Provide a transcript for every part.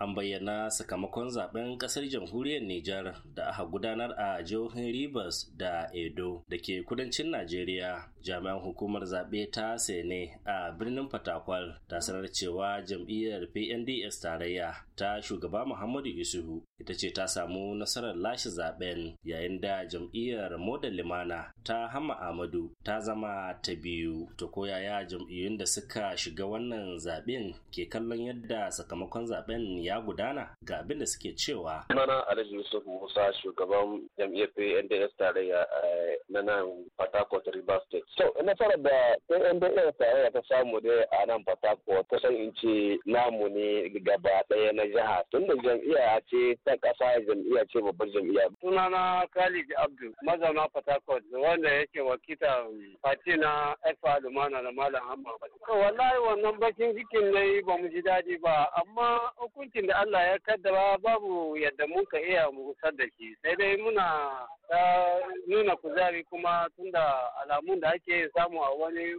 an bayyana sakamakon zaben kasar jamhuriyar Nijar da aka gudanar a jihohin Rivers da Edo da ke kudancin Najeriya. Jami'an hukumar zaɓe ta Sene a birnin Fatakwal ta sanar cewa jam'iyyar PNDS tarayya ta shugaba Muhammadu Isuhu ita ce ta samu nasarar lashe zaben yayin da jam'iyyar Moda Limana ta Hama ahmadu ta zama ta biyu. To koyaya jam'iyyun da suka shiga wannan zaɓen ke kallon yadda sakamakon zaben ya gudana ga abin da suke cewa. Sunana Alhaji Yusuf Musa shugaban jam'iyyar PNDS tarayya eh, na nan Fatakot River State. So, ina fara da PNDS tarayya ta samu da a nan Fatakot kusan in ce namu ne gaba ɗaya na jiha. Tunda jam'iyya ce ta ƙasa jam'iyya ce babbar jam'iyya. Sunana Khalid abdul mazauna Fatakot wanda yake wakita fati na Ekpa Lumana da Malam Hamma. Wallahi wannan bakin cikin ne ba mu ji daɗi ba amma hukunci aikin da Allah ya kaddara babu yadda ka iya mu da shi sai dai muna ta nuna kuzari kuma tunda alamun da ake samu a wani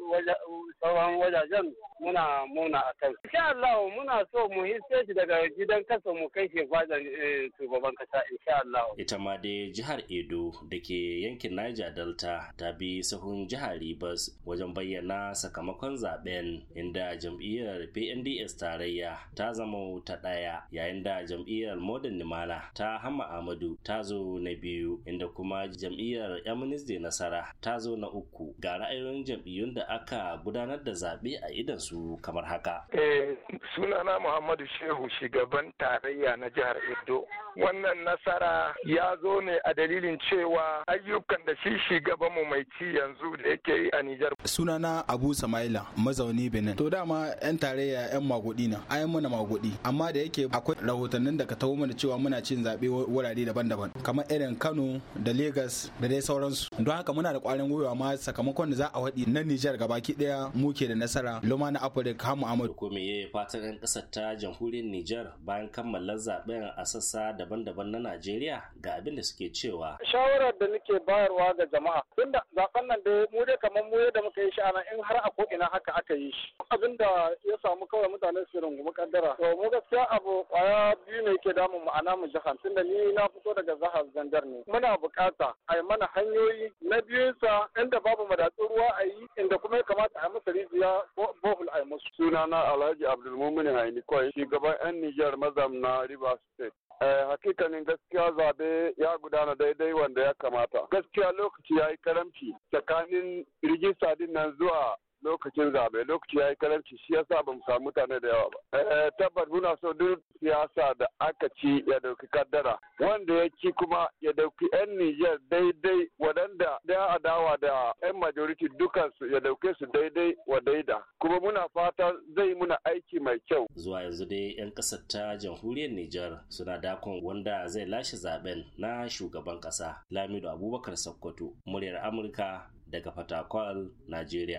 sauran wajajen muna muna a kan. Insha Allah muna so mu yi shi daga gidan kasa mu kai shi fadan eh, shugaban kasa insha Allah. Ita ma dai jihar Edo da ke yankin Niger Delta ta bi sahun jihar Rivers wajen bayyana sakamakon zaben inda jam'iyyar PNDS tarayya ta zama ta ɗaya yayin da jam'iyyar Modern Nimala ta Hamma ahmadu ta zo na biyu inda kuma jam'iyyar Amnesty Nasara ta zo na uku ga ra'ayoyin jam'iyyun da aka gudanar da zaɓe a idan su kamar haka. Eh, sunana Muhammadu Shehu shugaban tarayya na jihar Edo. Wannan nasara ya zo ne a dalilin cewa ayyukan da shi shugaban mu mai ci yanzu da yake yi a Nijar. Sunana Abu Samaila mazauni Benin. To dama 'yan tarayya 'yan magudi na, ai muna magudi. Amma da yake akwai rahotannin da ka taho mana cewa muna cin zaɓe wurare daban-daban kamar irin Kano da legas da dai sauransu. Don haka muna da ƙwarin gwiwa ma sakamakon da za a waɗi na Nijar gabaki ɗaya muke da nasara. Lumana na Afirka Muhammadu. Ko me fatan 'yan ƙasar ta jamhuriyar Nijar bayan kammala zaben a sassa daban-daban na Najeriya ga abin da suke cewa. Shawarar da nake bayarwa ga jama'a tunda zaben nan da mu dai kamar mu yadda muka yi shi anan in har a koina haka aka yi shi. Abin da ya samu kawai mutane su rungumi kaddara. To mu gaskiya abu kwaya biyu ne ke damun mu mu jihar tunda ni na fito daga zahar Zandar ne. Muna bukata a yi mana hanyoyi na biyunsa inda babu madatsun ruwa a yi inda kuma ya kamata a yi masa rijiya bohol al'ai musu suna na Alhaji Abdulmumin Haini Kwai, shugaban 'yan Nijar na River State. Eh, hakikanin gaskiya zabe ya gudana daidai wanda ya kamata. Gaskiya lokaci ya yi karamci tsakanin rijista din nan zuwa lokacin zaɓe lokaci ya yi karanci shi yasa ba mu samu mutane da yawa ba. Eh, tabbas muna so duk siyasa da aka ci ya dauki kaddara wanda ya ci kuma ya dauki 'yan Nijar daidai waɗanda da adawa da 'yan majority dukansu ya dauke su daidai wa daida kuma muna fata zai muna aiki mai kyau. Zuwa yanzu dai 'yan ƙasar ta jamhuriyar Nijar suna dakon wanda zai lashe zaben na shugaban ƙasa Lamido Abubakar Sokoto muryar Amurka daga Fatakwal, Najeriya.